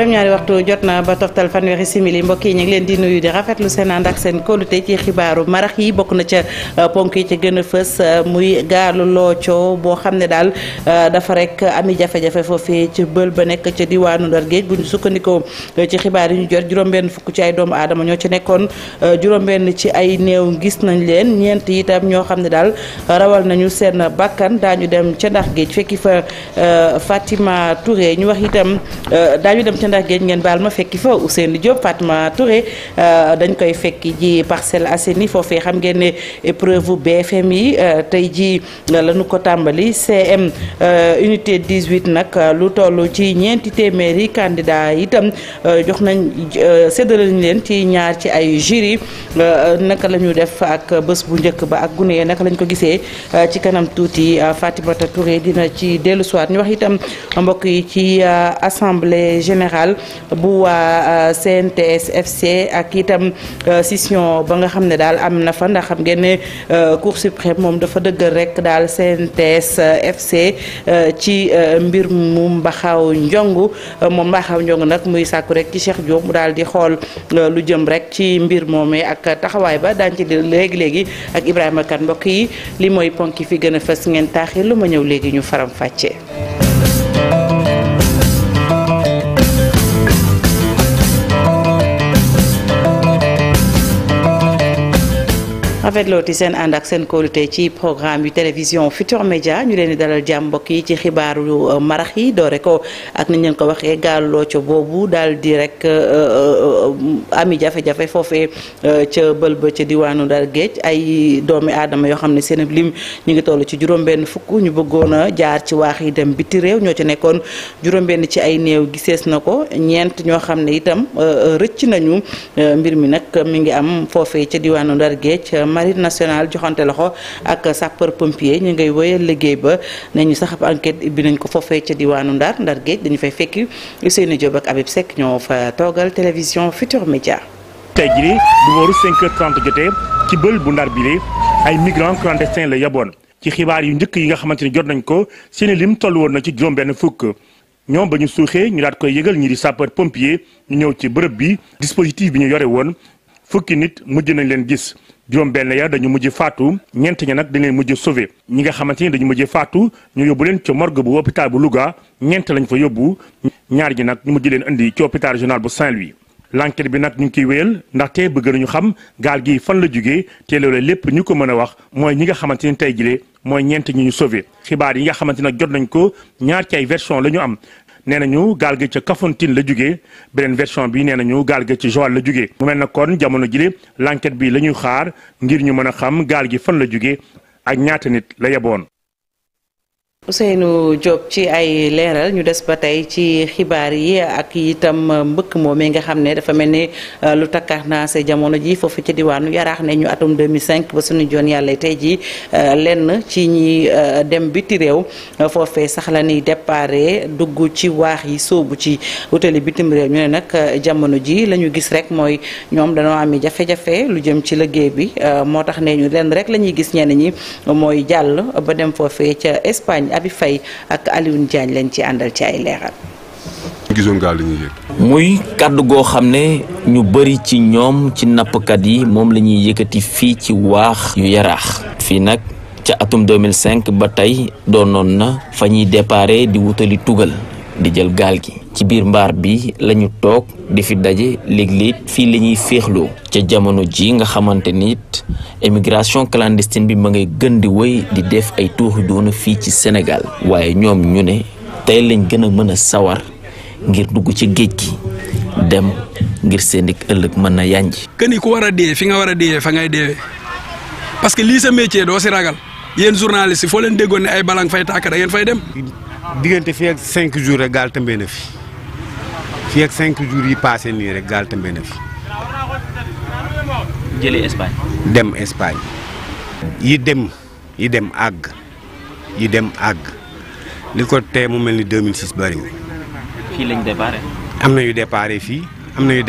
juróom-ñaari waxtu jot na ba toftal fanweeri simili mbokk yi ñu leen di nuyu di rafetlu seen ànd ak seen kóolute ci xibaaru marax yi bokk na ca euh, ponk yi ca gën a fës euh, muy gaalu loocoo boo xam ne daal euh, dafa rek ami jafe-jafe foofee ci bël ba nekk ca diwaanu Ndar géej bu ñu sukkandikoo ci xibaar yi ñu jot juróom-benn fukk ci ay doomu aadama ñoo ci nekkoon juróom-benn ci ay néew gis nañ leen ñeent itam ñoo xam ne daal rawal nañu seen bakkan daañu dem ca ndax géej fekki ndax géej ngeen baal ma fekki fa Ousseynou Diop Fatma Touré euh, dañ koy fekki ji Parcelles Assainies foofee xam ngeen ne épreuve BFM yi euh, tey ji euh, lañu ko tàmbali CM unité 18 nag lu toll ci ñeenti téeméeri candidat itam jox nañ séddale nañ leen ci ñaar ci ay jury naka lañu def ak bés bu njëkk ba ak gune naka lañ ko gisee ci kanam tuuti Fatimata Touré dina ci dellu siwaat ñu wax itam mbokk yi ci assemblée générale bu waa euh, CNTS FC ak itam euh, sission ba nga xam ne daal am na fa ndax xam ngeen ne euh, Cour suprême moom dafa dëggal rek daal CNTS FC ci mbir mu mbaxaw njong moom mbaxaw njong nag muy sàkku rek ci Cheikh Diop mu daal di xool lu jëm rek ci mbir moomee ak taxawaay ba daan ci léegi léegi ak Ibrahima Kane mbokk yi li mooy ponk yi fi gën a fës ngeen taaxir lu ma ñëw léegi ñu faram fàccee rafetlooti seen ànd ak seen kóolute ci programme yu télévision Futur Média ñu leen di dalal jàmm yi ci xibaaru euh, marax yi doore ko ak ni ñu leen ko waxee gaaloo ca boobu daal di rek euh, euh, ami jafe-jafe foofee ca bëlba ca diwaanu Ndar Géej ay doomi aadama yoo xam ne seen lim ñu ngi toll ci juróom-benn fukk ñu bëggoon a jaar ci waax yi dem biti réew ñoo ci nekkoon juróom-benn ci ay néew gisees na ko ñeent ñoo xam ne itam rëcc nañu mbir mi nag mu ngi marine nationale joxante loxo ak sapeur pompier ñu ngay wëyal liggéey ba ne ñu sax ab enquête bi nañ ko foofee ca diwaanu Ndar Ndar géej dañu fay fekki Ousseynou Diop ak Habib Seck ñoo fa toogal télévision Futur Média tey jii bu wóoru 5h30 jotee ci bël bu Ndar bi ay migrants clandestins la yaboon ci xibaar yu njëkk yi nga xamante ni jot nañ ko seeni lim toll woon na ci juróom-benn fukk ñoom ba ñu suuxee ñu daat koy yëgal ñi di sapeur pompier ñu ñëw ci bërëb bi dispositif bi ñu yore fukki nit mujj nañ leen gis juróom benn ya dañu mujj faatu ñeent ña nag dañ leen mujj sauvé ñi nga xamante ni dañu mujj faatu ñu yóbbu leen ci morgue bu hôpital bu Louga ñeent lañ fa yóbbu ñaar ji nag ñu mujj leen indi ci hôpital régional bu Saint-Louis l'enquête bi nag ñu ngi koy wéyal ndaxte bëgg nañu xam gaal gi fan la jógee te loolee lépp ñu ko mën a wax mooy ñi nga xamante ni tey jilee mooy ñeent ñi ñu sauvé xibaar yi nga xamante nag jot nañ ko ñaar ci ay version la ñu am nee nañu gaal gi ca Kafountine la jugee beneen version bi nee ñu gaal gi ci Joal la jugee mu mel na kon jamono jile l'enquête bi la ñuy xaar ngir ñu mën a xam gaal gi fan la jugee ak ñaata nit la yeboon Ousseynou Diop ci ay leeral ñu des ba tey ci xibaar yi ak itam mbëkk moom yi nga xam ne dafa mel ni euh, lu takkaar naa se jamono ji foofu ci diwaanu yaraax ne ñu atum 2005 ba suñu joon yàlla tey ji euh, lenn ci ñi euh, dem biti réew foofe sax la ni déparé dugg ci waax yi sóobu ci wutali bitim réew ñu ne nag jamono ji la ñu gis rek mooy ñoom dañoo am jafe-jafe lu jëm ci liggéey bi moo tax ne ñu lenn rek la gis ñenn ñi mooy jàll ba dem foofee ca Espagne Abi Faye ak Alioune lañ ci àndal ci ay leeral. muy kàddu goo xam ne ñu bëri ci ñoom ci nappkat yi moom la ñuy yëkkati fii ci waax yu yaraax fii nag ca atum 2005 ba tey noon na fa ñuy déparé di wutali tugal. di jël gaal gi ci biir mbaar bi lañu toog di fi daje léeg-léeg fii la ñuy féexloo ca jamono ji nga xamante nit émigration clandestine bi ma ngay gën di woy di def ay tuuxi doona fii ci senegal waaye ñoom ñu ne tey lañ gën a mën a sawar ngir dugg ci géej gi dem ngir seen i ëllëg mën na yànji keni ku war a dee fi nga war a dee fa ngay deewee parce que lii sa métier doo si ragal yéen journaliste yi foo leen déggoon ne ay balang fay tàkk da fay dem diggante fii ak cinq jours rek gaal tëmbee na fi fi ak cinq jour yi passé nii rek gaal tëmbee na fi. jëlee Espagne. dem Espagne. yi dem yi dem àgg yi dem àgg li ko tee mu mel ni 2006 bëriwul. fii lañ déparé. am na yu déparé fii am na yu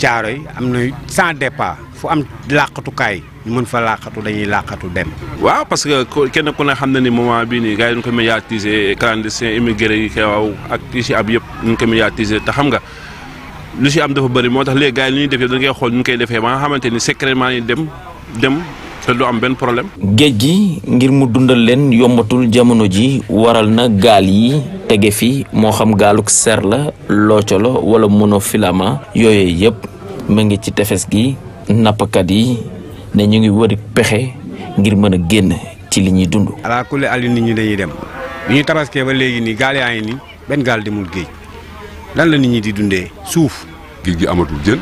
caaro yi am na yu sans départ fu am làqatukaay ñu mën fa làqatu dañuy làqatu dem. waaw parce que kenn ku ne xam na ni moment bii nii gars yi ñu ko médiatiser clandestin immigré yi kaw ak yi si ab yëpp ñu ko médiatiser te xam nga lu si am dafa bëri moo tax léegi gars yi ñuy def dañ koy xool ñu koy defee ba nga xamante ni secrètement ni dem dem te du am benn problème. géej gi ngir mu dundal leen yombatul jamono ji waral na gaal yi tege fi moo xam gaaluk ser la loocolo wala monofilament yooyu yëpp mu ngi ci tefes gi nappkat yi. ne ñu ngi wër pexe ngir mën a génn ci li ñuy dund. ala kulli àll nit ñi dañuy dem bi ñu tabaskee ba léegi nii gaal yaa ngi nii benn gaal demul géej lan la nit ñi di dundee suuf. géej gi amatul jën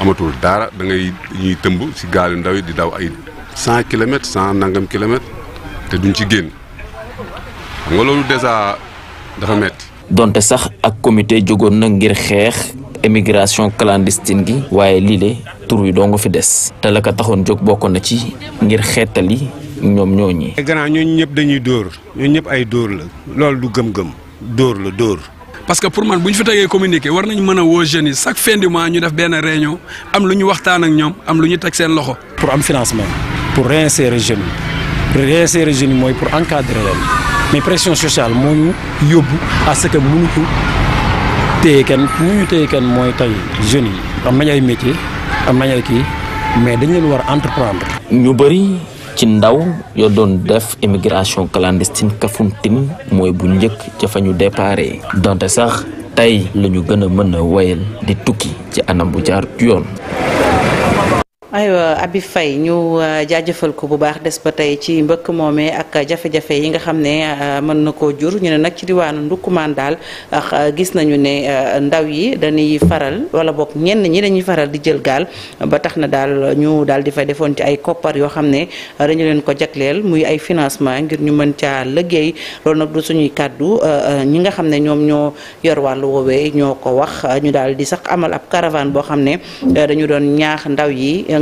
amatul daara da ngay ñuy tëmb si gaal yu ndaw yi di daw ay cent kilomètres cent nangam kilomètres te duñ ci génn xam nga loolu dèjà dafa metti donte sax ak comité jógoon na ngir xeex émigration clandestine gi waaye lii de tur wi doo nga fi des te la ko taxoon jóg bokkoon na ci ngir xeetali ñoom ñooñi. gannaaw ñooñu ñëpp dañuy dóor ñooñu ñëpp ay dóor la loolu du gëm-gëm dóor la dóor. parce que pour man bu ñu fi tegee communiqué war nañ mën woo jeunes yi chaque fin ñu def benn réunion am lu ñu waxtaan ak ñoom am lu ñu teg seen loxo. pour am financement pour réinsérer jeunes yi pour réinsérer jeunes mooy pour encadrer leen mais pression sociale moom yóbbu à ce que mënuñu téye kenn mënuñu téye kenn mooy tey jeunes yi am nañu kii mais dañ leen war a ñu bëri ci ndaw yoo doon def immigration clandestine Kafountine mooy bu njëkk ca fa ñu déparé donte sax tey lañu ñu gën a mën a wayal di tukki ci anam bu jaar yoon. aywa Abi fay ñu euh, jaajëfal ko bu baax des ba tey ci mbëkk moomee ak jafe-jafe yi nga xam ne euh, mën na ko jur ñu ne nag ci diwaanu ndukkumaan daal euh, gis nañu ne ndaw yi dañuy faral wala boog ñenn ñi dañuy faral di jël gaal ba tax na daal ñu daal di fa defoon ci ay koppar yoo xam ne dañu leen ko jagleel muy ay financement ngir ñu mën caa liggéey loolu nag du suñuy kàddu ñi nga xam ne ñoom ñoo yor wàllu woowee ñoo ko wax ñu daal di sax amal ab caravane boo xam ne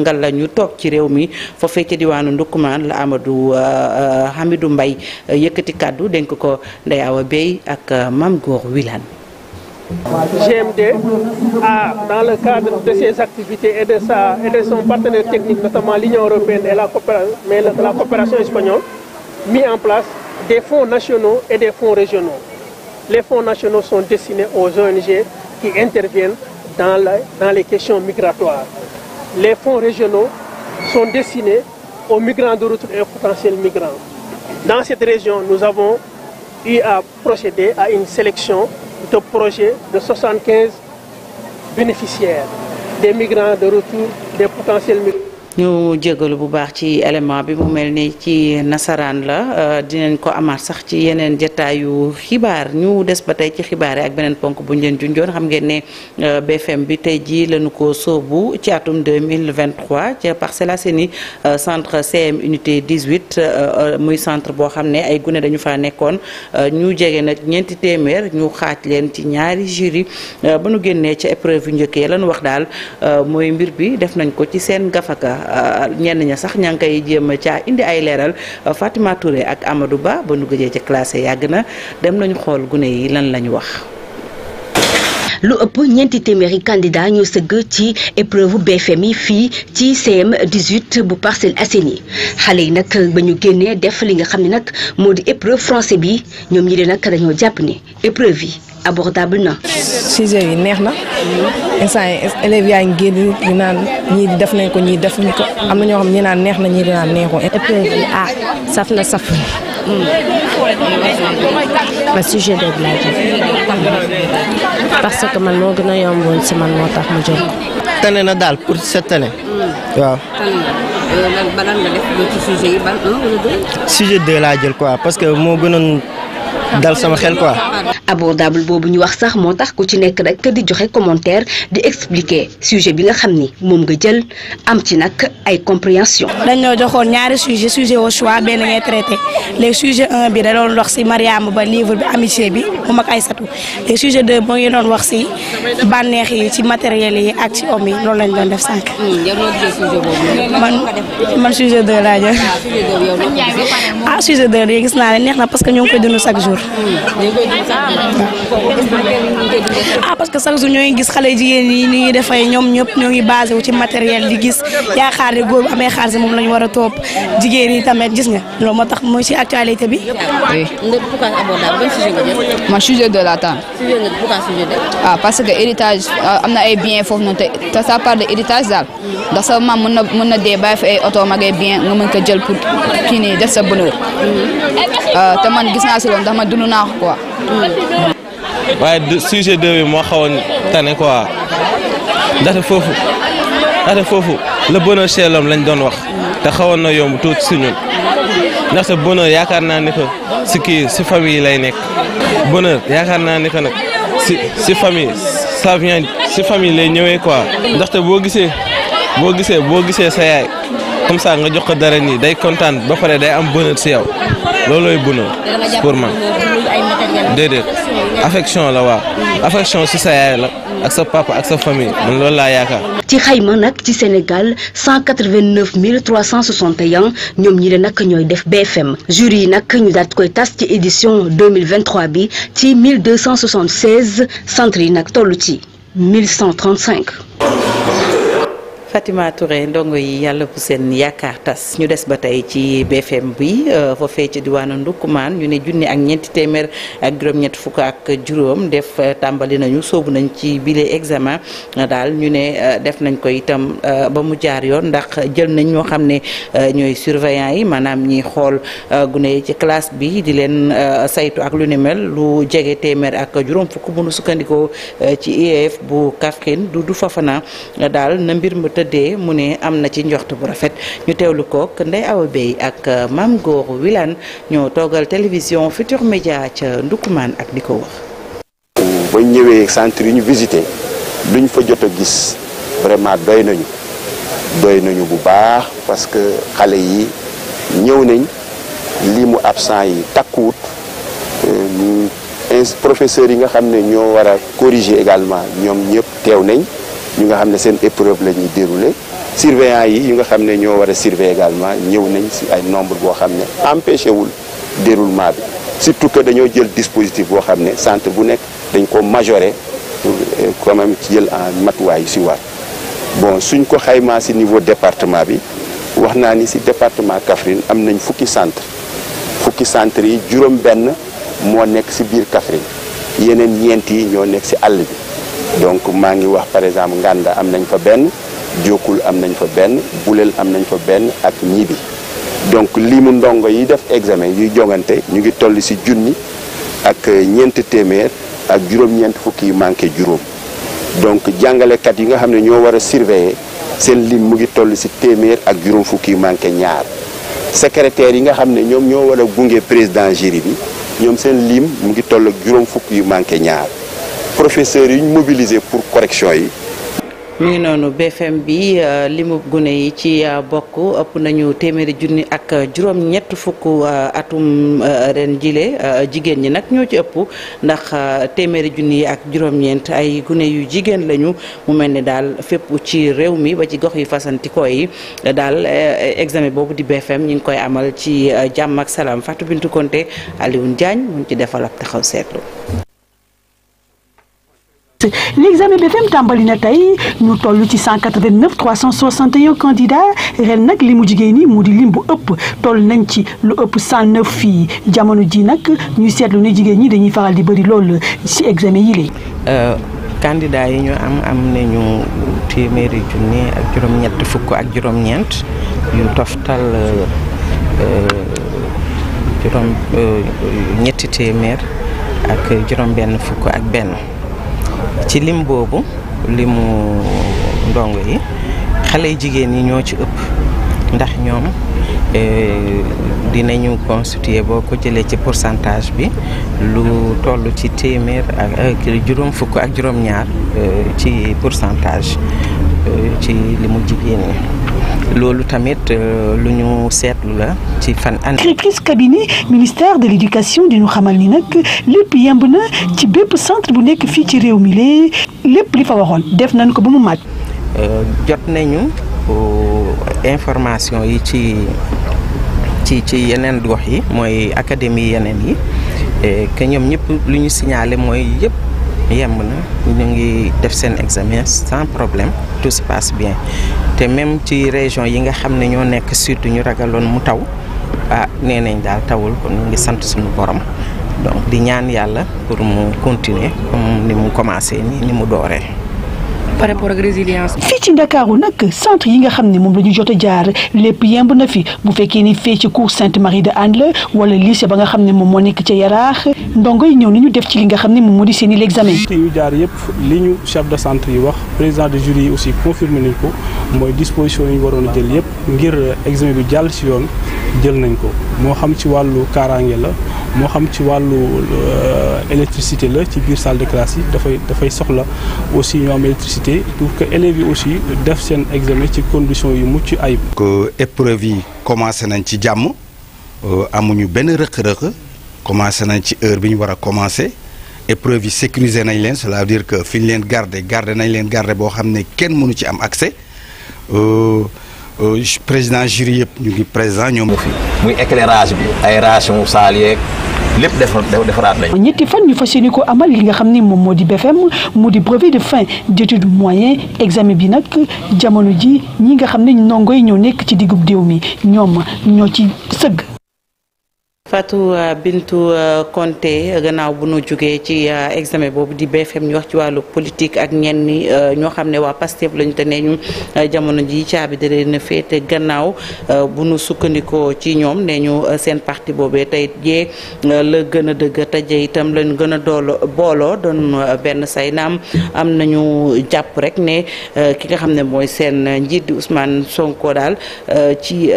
ngal la ñu toog ci réew mi foofee ca diwaanu Ndukkumaan la Amadou euh, euh, Hamidou Mbaye euh, yëkkati kàddu dénk ko Ndeye Awa Bey ak Mame Goor Wilane GMD a, dans le cadre de ses activités et de, sa, et de son partenaire technique, notamment l'Union européenne et la coopération, mais espagnole, mis en place des fonds nationaux et des fonds régionaux. Les fonds nationaux sont destinés aux ONG qui interviennent dans les questions migratoires. les fonds régionaux sont destinés aux migrants de retour et aux potentiels migrants. Dans cette région, nous avons eu à procéder à une sélection de projets de 75 bénéficiaires des migrants de retour des potentiels migrants. ñu jégalu bu baax ci élément bi mu mel ni ci nasaraan la euh, dinañ ko amaat sax ci yeneen jataayu xibaar ñu des ba tey ci xibaar yi ak beneen ponk bu ñu leen junjoon xam ngeen ne euh, BFM bi tey jii lañu ko sóobu ci atum 2023 ca Parcelles Assainies euh, centre CM unité 18 muy centre boo xam ne ay gune dañu fa nekkoon ñu jege nag ñeenti téeméer ñu xaaj leen ci ñaari jury ba nu génnee ca épreuve yu njëkkee lañu wax daal mooy mbir bi def nañ ko ci seen gafaka Euh, ñenn ña sax ña ngi koy jéem caa indi ay leeral Fatima Touré ak Amadou Ba ba nu gëjee ca classé yàgg na dem nañu xool gune yi lan lañu wax. lu ëpp ñeenti téeméeri candidat ñoo sëgg ci épreuve BFM yi fii ci CM 18 bu Parcelles Assainies xale yi nag ba ñu génnee def li nga xam ne nag moo di épreuve français bi ñoom ñi de nag dañoo jàpp ne épreuve yi abordable na. sujet yi neex na instant yi élèves yaa ngi génn ñu naan ñii def nañ ko ñii defuñ ko am na ñoo xam ñi naan neex na ñii di naan neexu. épreuve yi ah saf na saf. Hmm. ba parce que man moo gën a yomboon si man moo tax mu jóg. tane na daal pour cette année. waaw. lan nga def ci sujet yi laa jël quoi parce que moo gënoon. dal sama xel quoi. abordable boobu ñu wax sax moo tax ku ci nekk rek di joxe commentaire di expliquer sujet bi nga xam ni moom nga jël am ci nag ay compréhension. dañoo joxoon ñaari sujet sujet au choix benn ngay traité les sujet bi da doon wax si Ba livre bi amitié bi moom ak Aïssatou les sujet wax si bànneex yi ci matériel yi ak ci homme yi loolu lañ doon def sànq. Hmm, man man sujet deux laa ah sujet deux gis naa ne neex na parce ñoo koy dund chaque jour. jour. Ah, parce que chaque jour ñoo ngi gis xale jigéen yi ni ñuy def ñoom ñëpp ñoo ngi basé wu ci matériel di gis yaakaar ne góor bu amee xaalis moom lañu war a topp jigéen yi tamit gis nga loolu moo tax mooy ci actualité bi. oui. man sujet la tànn. Ah, parce que héritage euh, am na ay biens foofu noonu te ça part de héritage daal. mën na mën na dee ay oto mag ay biens nga mën ko jël pour kii nii def sa bonheur. Mm-hmm. Euh, te man gis naa si loolu ndax man dund naa ko quoi. waaye sujet deux moo xawoon tane quoi ndaxte foofu ndaxte foofu le bonheur chez l'homme lañ doon wax te xawoon na yomb tuuti si ñun ndaxte bonheur yaakaar naa ni que si kii si famille lay nekk bonheur yaakaar naa ni que nag si si famille ça si famille lay ñëwee quoi ndaxte boo gisee boo gisee boo gisee sa yaay comme nga jox ko dara nii day kontaan ba pare day am bonheur si yow. loolooy bu na pour man déedéet affection la waaw affection si sa yaay la ak sa papa ak sa famille man loolu laa yaakaar. ci xayma nag ci Sénégal 189 361 ñoom ñi le nag ñooy def BFM jury yi nag ñu daat koy tass ci édition 2023 bi ci 1276 centres yi nag toll ci 1135. Fatima Touré ndongo yi yàlla bu seen yaakaar tas ñu des ba tey ci BFM bi euh, foofee ci diwaanu Ndoukoumane ñu ne junni ak ñeenti téeméer ak juróom-ñett ak juróom def euh, tàmbali nañu soobu nañ ci bile examen daal ñu ne euh, def nañ ko itam ba mu jaar yoon ndax jël nañ ñoo xam ne ñooy surveillant yi maanaam ñiy xool gune yi ci classe bi di leen saytu ak lu ni mel lu jege téeméer ak juróom fukk bu nu sukkandikoo ci IEF bu Kaffrine du du Fafana daal na mbir tëddee mu ne am na ci njoxtu bu rafet ñu teewlu kook Ndeye Awa Bey ak euh, Mame Gor Wilane ñoo toogal télévision Futur Média ca Ndukumaan ak di ko wax. bañ ñëwee centre yi ñu visité luñ fa jot a gis vraiment doy nañu doy nañu bu baax parce que xale yi ñëw nañ lii mu absent yi takkuwut. Euh, professeurs yi nga xam ne ñoo war a corriger également ñoom ñëpp teew nañ ñu nga xam ne seen épreuve la ñuy déroulé surveillant yi yi nga xam ne ñoo war a surveiller également ñëw nañ si ay nombre boo xam ne empêché wul déroulement bi surtout que dañoo jël dispositif boo xam ne centre bu nekk dañ ko majoré pour euh, quand jël en matuwaay yu si war bon suñ ko xaymaa si niveau département bi wax naa ni si département Kaffrine am nañ fukki centre fukki centre yi juróom benn moo nekk si biir Kaffrine yeneen ñeent yi ñoo nekk si àll bi donc maa ngi wax par exemple Nganda am nañ fa benn jokkul am nañ fa benn Bulel am nañ fa benn ak Ñibi donc lii mu ndongo yi def examen yuy jongante ñu ngi toll ci junni ak ñeent téeméer ak juróom-ñeent fukki yu manqué juróom donc jàngalekat yi nga xam ne ñoo war a surveiller seen lim mu ngi toll ci téeméer ak juróom fukki yu manqué ñaar secrétaire yi nga xam ne ñoom ñoo war a gunge président jury bi ñoom seen liim mu ngi toll ak juróom fukki yu manqué ñaar professeurs yi ñu mobiliser pour correction yi. mu ngi noonu BFM bi euh, limu gune yi ci euh, bokk ëpp nañu téeméeri junni ak juróom ñett fukk euh, atum ren jile jigéen ñi nag ñoo ci ëpp ndax téeméeri junni yi ak juróom-ñeent ay gune yu jigéen lañu mu mel ni daal fépp ci réew mi ba ci gox yi fasantikoo yi daal examen boobu di BFM ñu ngi koy amal ci jàmm ak salaam Fatou Bintou Konté Alioune Diagne ci defal ab taxaw seetlu. l'examen BFEM tàmbali na tey ñu toll ci 189 361 candidats ren nag li mu jigéen ñi mu di lim bu ëpp toll nañ ci lu ëpp 109 fii jamono ji nag ñu seetlu ne jigéen ñi dañuy faral di bëri lool ci examen yi léegi. Euh, candidats yi ñu am am nañu téeméeri junni ak juróom-ñett fukk ak juróom-ñeent yu toftal euh, euh, juróom ñetti téeméer ak juróom-benn fukk ak benn. ci lim boobu limu ndongo yi xale jigéen yi ñoo ci ëpp ndax ñoom eh, dinañu constituer boo ko jëlee ci pourcentage bi lu toll ci téeméer ak juróom fukk ak juróom-ñaar eh, ci pourcentage eh, ci limu jigéen yi. loolu tamit euh, lu ñu seetlu la ci fan an directrice cabinet ministère de l'éducation di ñu xamal ni nag lépp yemb na ci bépp centre bu nekk fii ci réew mi lee lépp li fa waxoon def nañ ko ba mu màcc euh, jot nañu euh, information yi ci ci ci yeneen gox yi mooy académie yeneen yi que ñoom ñëpp lu ñu signalé mooy yëpp yemb na ñu ngi def seen examen sans problème tout se passe bien te même ci région yi nga xam ne ñoo nekk surtout ñu ragaloon mu taw ah nee nañ daal tawul kon ñu ngi sant suñu borom donc di ñaan yàlla pour mu continuer ni mu commencé ni ni mu dooree par ak résilience. fii ci Ndakaaru nag centre yi nga xam ne moom la ñu jot a jaar lépp yemb na fi bu fekkee ni fee ci cour Sainte Marie de Hann la wala lycée ba nga xam ne moom moo nekk ca Yaraax ndongo yi ñëw ñu def ci li nga xam ne moom moo di seen i l'examen. yu jaar yëpp li ñu chef centre yi wax président de jury yi aussi confirmé nañ ko mooy disposition yi ñu waroon a jël yëpp ngir euh, examen bi jàll si yoon jël nañ ko moo xam ci wàllu kaaraange la. moo xam ci wàllu euh, électricité la ci biir salle de classe yi dafay dafay soxla aussi ñu am électricité pour que élèves yi aussi def seen examen ci conditions yu mucc ay que épreuve yi commencé nañ ci jàmm euh, amuñu benn rëq-rëq commencé nañ ci heure bi ñu war a commencé épreuve yi sécuriser nañ leen cela veut dire que fi ñu leen garder garder nañ leen garde boo xam ne kenn mënu ci am accès. Euh, Euh, président jury yëpp ñu ngi président ñoom. fi muy éclairage bi aération saal yeeg lépp defaraat nañ ñetti fan ñu fas yéene ko amal li nga xam ni moom moo di BFM mu di brevet de fin d'études moyen examen bi nag jamono ji ñi nga xam ne ndongo yi ñoo nekk ci diggub déew mi ñoom ma ñoo ci sëgg. Fatou euh, Bintou euh, Konté gannaaw bu nu jógee ci euh, examen boobu di BFM ñu wax ci wàllu politique ak ñenn ñi ñoo xam ne waa PASTEF lañu te nee ñu jamono ji caabi da leen féete gannaaw bu nu sukkandikoo ci ñoom nee ñu seen parti boobee tey jee la gën a dëgg tëjee itam lañu gën a dool booloo doon benn say naam am nañu jàpp rek ne ki nga xam ne mooy seen njiit di Ousmane Sonko daal ci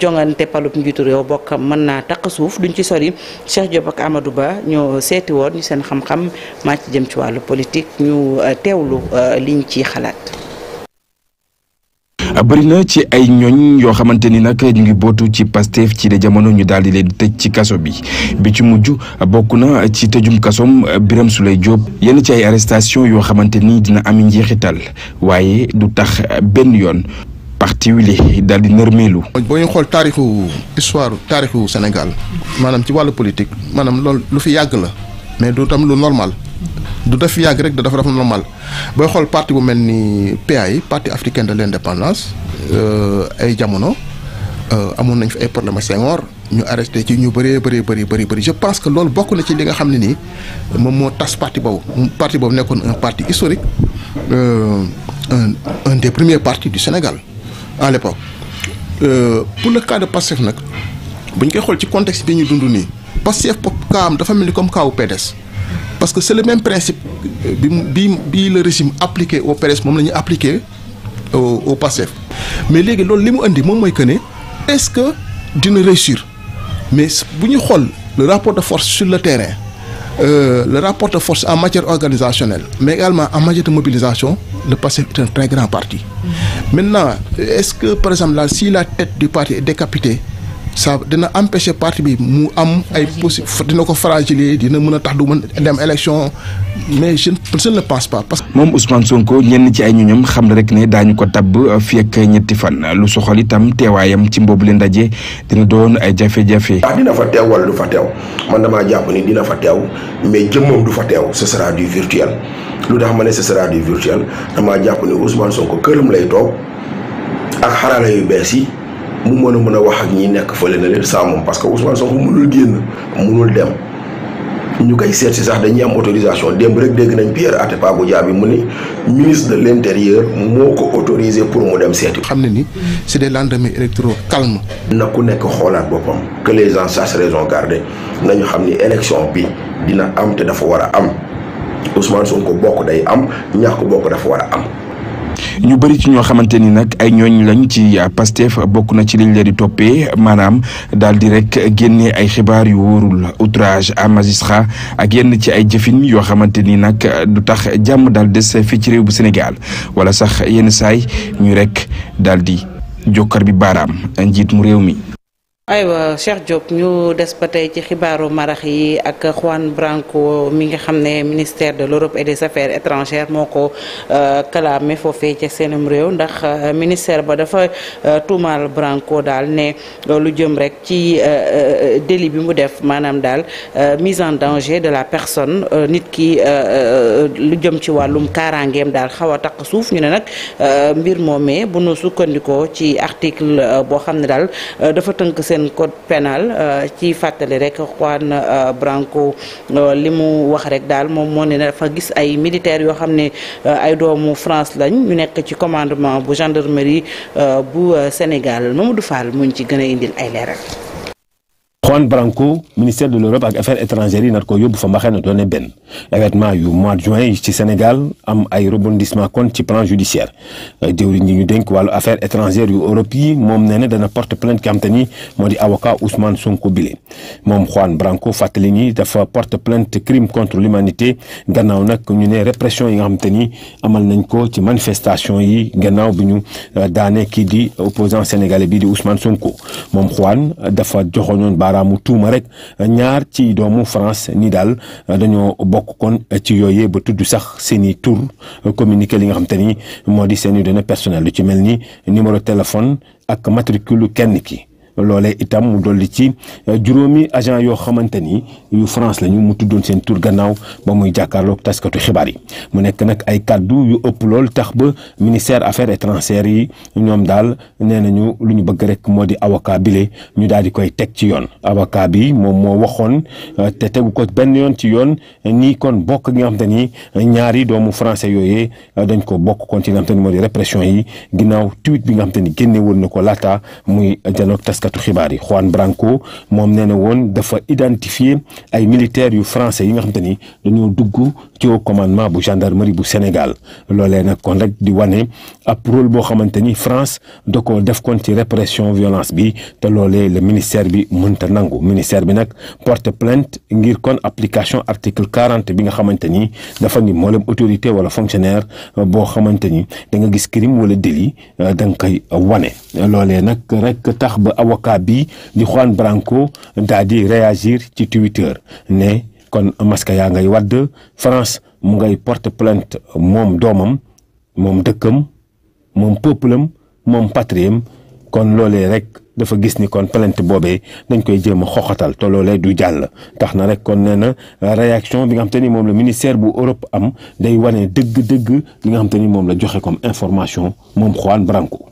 jongante palub njiitu réew bokkam mën naa taqasu Diouf ci sori Cheikh Diop ak Ba ñoo seeti woon ñu seen xam-xam maa ci wàllu politique ñu euh, teewlu euh, liñ ci xalaat. bëri na ci ay ñooñ yoo xamante ni nag ñu ngi bootu ci Pastef ci de jamono ñu daal di leen tëj ci kaso bi bi ci mujj bokk na ci tëjum kasoom Birame Souleye Diop yenn ci ay arrestation yoo xamante ni dina am njeexital waaye du tax benn yoon parti wile daal di nërmeelu. boo ñu xool taarixu histoire taarixu Sénégal maanaam ci wàllu politique maanaam lool lu fi yàgg la mais du tam lu normal du def fi yàgg rek da dafa dafa normal booy xool parti bu mel ni PAI parti africain de l' indépendance euh, ay jamono euh, amoon nañ fi ay problème Senghor ñu arrêté ci ñu bëree bëri bëri bëri bëri je pense que loolu bokk na ci li nga xam ne nii moom moo tas parti boobu parti boobu nekkoon un parti historique euh, un un des premiers partis du Sénégal à l'époque euh, pour le cas de nag bu ñu koy xool ci contexte bi ñu dund nii Pastef am dafa mel ni comme kaawu PDS parce que c'est le même principe bi bi bi le régime appliqué au PDS moom lañuy ñu appliqué au au Pastef mais léegi loolu li mu indi moom mooy que ne est-ce que dina réussir mais bu ñu xool le rapport de force sur le terrain. euh, le rapport de force en matière organisationnelle, mais également en matière de mobilisation, le passé est très grand parti. Mmh. Maintenant, est-ce que, par exemple, là, si la tête du parti est ça dina empêcher parti bi mu am ay possi dina ko fragiliser dina mën a tax du mën dem élection mais je je ne pense pas parce que. moom Ousmane Sonko ñenn ci ay ñoñam xam na rek ne daañu ko tab fii ak ñetti fan lu soxal itam teewaayam ci mboobu leen ndaje dina doon ay jafe-jafe. ah dina fa teew wala du fa teew man damaa jàpp ni dina fa teew mais jëmmam du fa teew ce sera du virtuel lu tax ma ne ce sera du virtuel damaa jàpp ni Ousmane Sonko këram lay toog ak xarala yu yi. mu mën a mën a wax ak ñi nekk fële na leen saa moom parce que Ousmane Sonko mënul génn mënul dem ñu koy seet si sax dañuy am autorisation démb rek dégg nañ Pierre Atepa Goudiaby mu ni ministre de l' intérieur moo ko autorisé pour mu dem seeti. xam ne ni c' est des lendemains électoraux calme. na ku nekk xoolaat boppam que les gens sachent raison garder nañu xam ni élection bi dina am te dafa war a am Ousmane Sonko bokk day am ñàkk bokk dafa war a am. ñu bëri ci ñoo xamante ni nag ay ñooñ lañ ci euh, Pastef bokk na ci liñ leen di toppee maanaam daal di rek génne ay xibaar yu wóorul outrage à magistrat ak yenn ci ay jëfin yoo xamante ni nag du tax jàmm daal des fii ci réew bu Sénégal wala sax yenn saay ñu rek daal di jokkar bi baaraam njiit mu réew mi. aywa Cheikh Diop ñu des ba tey ci xibaaru marax yi ak Juan Branco mi nga xam ne ministère de l'Europe et des affaires étrangères moo ko euh, kalaame foofee ca seenum réew ndax euh, ministère ba dafa euh, tuumaal Branco daal ne lu jëm rek ci délit bi mu def maanaam daal mise en danger de la personne nit ki lu jëm ci wàllum kaaraangeem daal xaw a taq suuf ñu ne nag mbir moomee bu nu sukkandikoo ci article boo xam ne daal dafa tënk seen code pénal euh, ci fàttali rek Juan euh, Branco euh, li mu wax rek daal moom moo ne dafa gis ay militaires yoo xam ne ay doomu France lañ ñu nekk ci commandement bu gendarmerie bu Sénégal Mamadou Fall muñ ci gën a indil ay leeral. Juan Branco ministère de l'Europe ak affaires étrangères yi nar ko yóbbu fa mbaxee na doone benn événement yu mois de juin ci Sénégal am ay rebondissement kon ci plan judiciaire jëwriñ ñi ñu dénk wàllu affaires étrangères yu Europe yi moom nee na dana porte plainte ki am te ni moo di avocat Ousmane Sonko bile moom Juan Branco fàttali ni dafa porte plainte crime contre l'humanité gannaaw nag ñu ne répression yi nga xam te ni amal nañ ko ci manifestation yi gannaaw bi ñu euh, daane kii di opposant sénégalais bi di Ousmane Sonko moom Juan dafa joxoñoon baara baaraamu tuuma rek ñaar ci doomu France ni daal dañoo bokk koon ci yooyee ba tudd sax seeni i tur communiqué li nga xam te ni moo di seen i données lu ci mel ni numéro téléphone ak matricule kenn ki. loolee itam mu dolli ci euh, juróomi agent yoo xamante ni yu France lañu mu tuddoon seen tur gannaaw ba muy jàkkaarloog taskatu xibaar yi mu nekk nag ay kaddu yu ëpp lool tax ba ministère affaires étrangères yi ñoom daal nee nañu lu ñu bëgg rek moo di avocat bile ñu daal di koy teg ci yoon avocat bi moom moo waxoon euh, te tegu ko benn yoon ci yoon nii kon bokk nga xamante ni euh, ñaari doomu français yooyee dañ ko bokk kon ci nga xamante ni moo di répression yi ginnaaw tweet bi nga xamante ni génne woon ko laata muy taskatu xibaar yi Juan Branco moom nee na woon dafa identifier ay militaires yu français yi nga xam te ni dañoo dugg ci au commandement bu gendarmerie bu Sénégal loolee nag kon rek di wane ab rôle boo xamante ni France da ko def kon ci répression violence bi te loolee le ministère bi mënta nangu ministère bi nag porte plante ngir kon application article quarante bi nga xamante ni dafa ni moo leen autorité wala fonctionnaire boo xamante ni da nga gis crime wala délit euh, da avocat bi di Juan Branco daal di réagir ci Twitter ne kon masque yaa ngay wadd France mu ngay porte plainte moom doomam moom dëkkam moom peuple am moom patriem kon loolee rek dafa gis ni kon plainte boobee dañ koy jéem a xoxatal te loolee du jàll tax na rek kon nee na réaction bi nga xam te ni moom la ministère bu Europe am day wane dëgg-dëgg li nga xam te ni moom la joxe comme information moom Juan Branco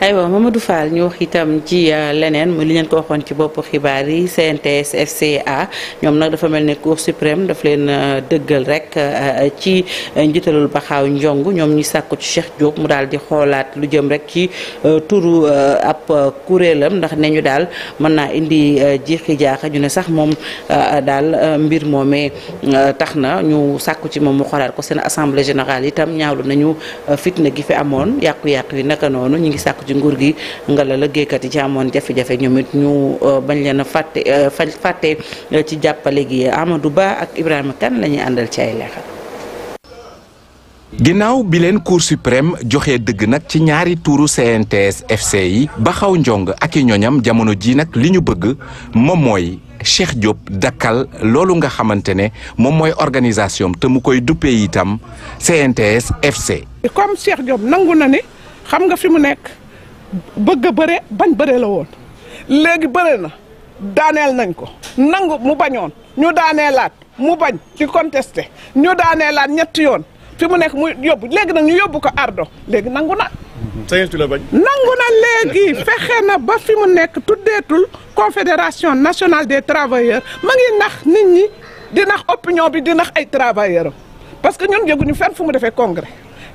aywa Mamadou Fall ñu wax itam ci euh, leneen mu li leen ko waxoon ci bopp xibaar yi CNTS FCA ñoom nag dafa mel ne Cour suprême daf leen euh, dëggal rek euh, ci njiitalul Baxaaw Njong ñoom ñu sàkku ci Cheikh Diop mu daal di xoolaat lu jëm rek ci turu ab kuréelam ndax ne ñu daal mën naa indi jiixi jaaxa ñu ne sax moom daal mbir moomee tax na ñu sàkku ci moom mu xoolaat ko seen assemblée générale itam ñaawlu nañu fitna gi fi amoon yàqu-yàqu yi naka noonu ñu ngi sàkku ji nguur gi nga la liggéeykat yi ci amoon jafe-jafe ñoom ñu euh, bañ leen a fàtte euh, fàtte euh, ci jàppale gi amadu Ba ak Ibrahima Kane la ñuy àndal ci ay leexal. ginnaaw bi leen cour suprême joxe dëgg nag ci ñaari tuuru CNTS FC yi ba xaw njong ak i ñoñam jamono ji nag li ñu bëgg moom mooy Cheikh Diop dakkal loolu nga xamante ne moom mooy organisation te mu koy duppee itam CNTS FC. comme Cheikh Diop nangu na ne xam nga fi mu nekk. bëgg a bëre bañ bëre la woon léegi bëre na daaneel nañ ko nangu mu bañoon ñu daaneelaat mu bañ di contesté ñu daaneelaat ñetti yoon fi mu nekk mu yóbbu léegi nag ñu yóbbu ko ardo léegi nangu na. sañatu la bañ. nangu na léegi fexe na ba fi mu nekk tuddeetul confédération nationale des travailleurs ma nax nit ñi di nax opinion bi di nax ay travailleurs parce que ñun yëguñu fenn fu mu defee congrès.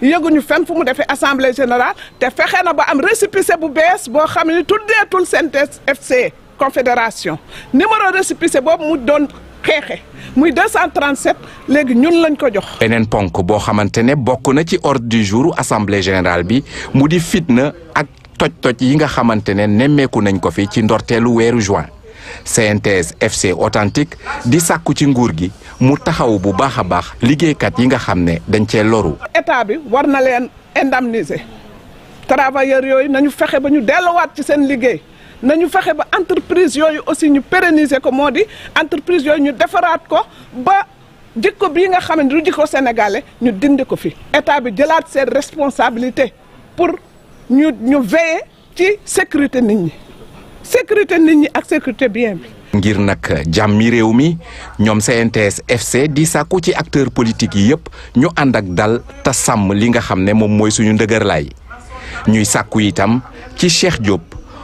yëguñu fenn fu mu defee assemblée générale te fexe na ba am récépissé bu bees boo xam ne tuddeetul CNTS FC confédération numéro récépissé boobu mu doon xeexe muy 237 léegi ñun lañ ko jox. beneen ponk boo xamante ne bokk na ci ordre du jour assemblée générale bi mu di fitna ak toj-toj yi nga xamante ne nemmeeku nañ ko fi ci ndorteelu weeru juin. CNTS FC authentique di sàkku ci nguur gi mu taxaw bu baax a baax liggéeykat yi nga xam ne dañ cee loru. état bi war na leen indemniser travailleurs yooyu nañu fexe ba ñu dellowaat ci seen liggéey. na ñu fexe ba entreprise yooyu aussi ñu pérenniser ko moo di entreprise yooyu ñu defaraat ko ba jikko bii nga xam ne du jikko sénégalais ñu dindi ko fi état bi jëlaat seen responsabilité pour ñu ñu veiller ci sécurité nit ñi sécurité nit ñi ak sécurité bien bi. ngir nag jàmmi réew mi ñoom CNTS FC di sàkku ci acteur politique yi yëpp ñu ànd ak dal te sàmm li nga xam ne moom mooy suñu ndëgërlaay ñuy sàkku itam ci Cheikh Diop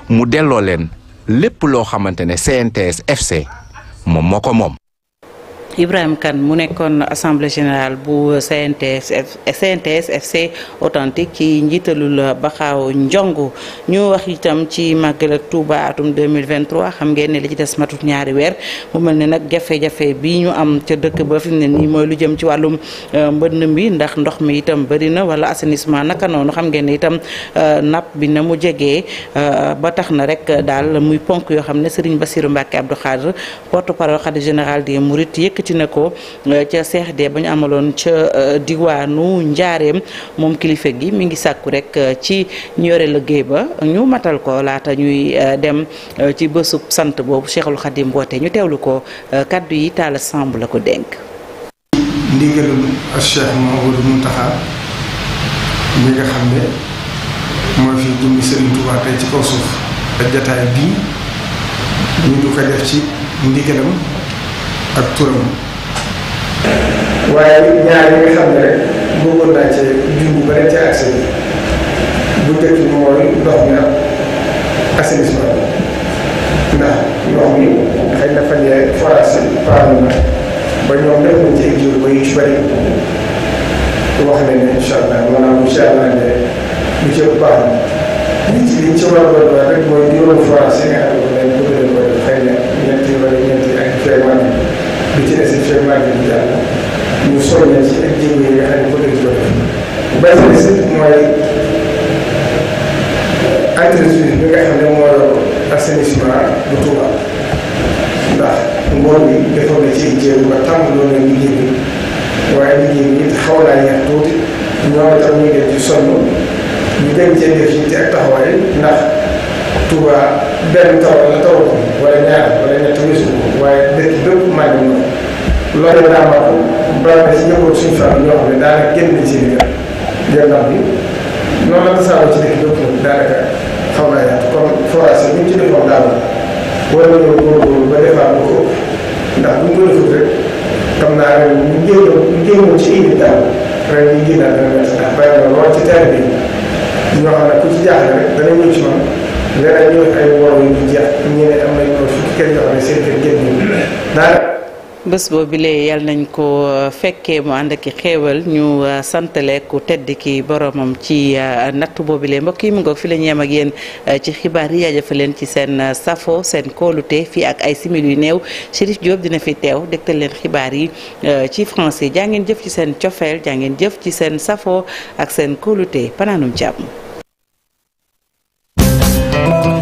mu delloo leen lépp loo xamante ne CNTS FC moom moo ko moom. Ibrahima Kane mu nekkoon assemblée générale bu CNTS CNTS FC authentique ci njiitalul Baxaaw njong ñu wax itam ci màggal ak Touba atum 2023 xam ngeen ne li ci des matut ñaari weer mu mel ne nag jafe-jafe bi ñu am ca dëkk ba fi mu ne nii mooy lu jëm ci wàllum euh, mbënn mi ndax ndox mi itam bëri na wala assainissement naka noonu xam ngeen ne itam euh, napp bi na mu jegee euh, ba tax na rek daal muy ponk yoo xam ne Serigne Bassirou Mbacké Abdou Khadre général des Mourides yëkkati yëkkati na ko euh, ca CRD ba ñu amaloon ca euh, diwaanu Njaareem moom kilifa gi mi ngi sàkku rek euh, ci ñu yore liggéey ba ñu matal ko laata ñuy dem ci bésub sant boobu Cheikhul Khadim woote ñu teewlu ko kàddu yi Talla Samb la ko dénk. ndigalul ak Cheikh Mouhamadou Mountakha mi nga xam ne mooy fi jumbi Serigne ci kaw suuf. jataay bii ñu du ko def ci ndigalam. ak turam waaye ñaar yi nga xam ne rek bëggoon naa cee junj ba dañ cee accès bi bu njëkk bi mooy ndox mi ak assainissement bi ndax ndox mi xëy na fan yee forage si paanu na ba ñoom def nañ ci jur ba yu ci bëri wax nañ ne incha allah maanaam incha allah ne lu ci ëpp baax na liñ ci liñ ci war a war rek mooy juróomi forage yi nga xam ne moom lañ bëgg leen ko xëy na ñetti wala ñeenti ak vraiment. li ci des ci màggal bi daal ñu soññal ci ak jéego yi nga xam ne ko dëgg doon ba ci des mooy entreprise bi nga xam ne moo yor assainissement bu Touba ndax ngoon bi defoon na ci jéego ba tàmbaloon na liggéey bi waaye liggéey bi it xaw naa yàq tuuti ñoo tam ñu ngi ci sonn ñu dem cee def ci ak taxawaay ko wala ñaar wala ñett weesu ko waaye dëkk bépp maa ngi noonu loolu daa ma ko bari na si ñëwoon suñu faam ñoo xam ne daanaka génn nañ si liggéey gannaaw bi noonu la tasaaroo ci dëkk bépp moom daanaka xaw naa yaatu kon forage bi ñu ci defoon daaw war nañoo góorgóorlu ba defaat ko ndax bu ñu ko rek xam naa ren ñu génnoon ñu génnoon ci indi daaw ren ñu génnaat dana ndax bàyyi na lool ci terre bi ñoo xam ne ku ci jaaxle rek dana ñëw ci nga ne ñëw bés boobu lee nañ ko euh, fekkee mu ànd ak xéewal ñu euh, santaleeku ku tedd ki boromam ci euh, natt boobu lee mbokk yi mu ngoog fi la ñu yem ci xibaar yi jaajëfal leen ci seen safo seen kóolute fii ak ay simil yu néew Chérif dina fi teew dégtal leen xibaar yi ci français jaa ngeen jëf ci seen cofeel jàngeen jëf ci seen safo ak seen kóolute panaanum jàmm thank you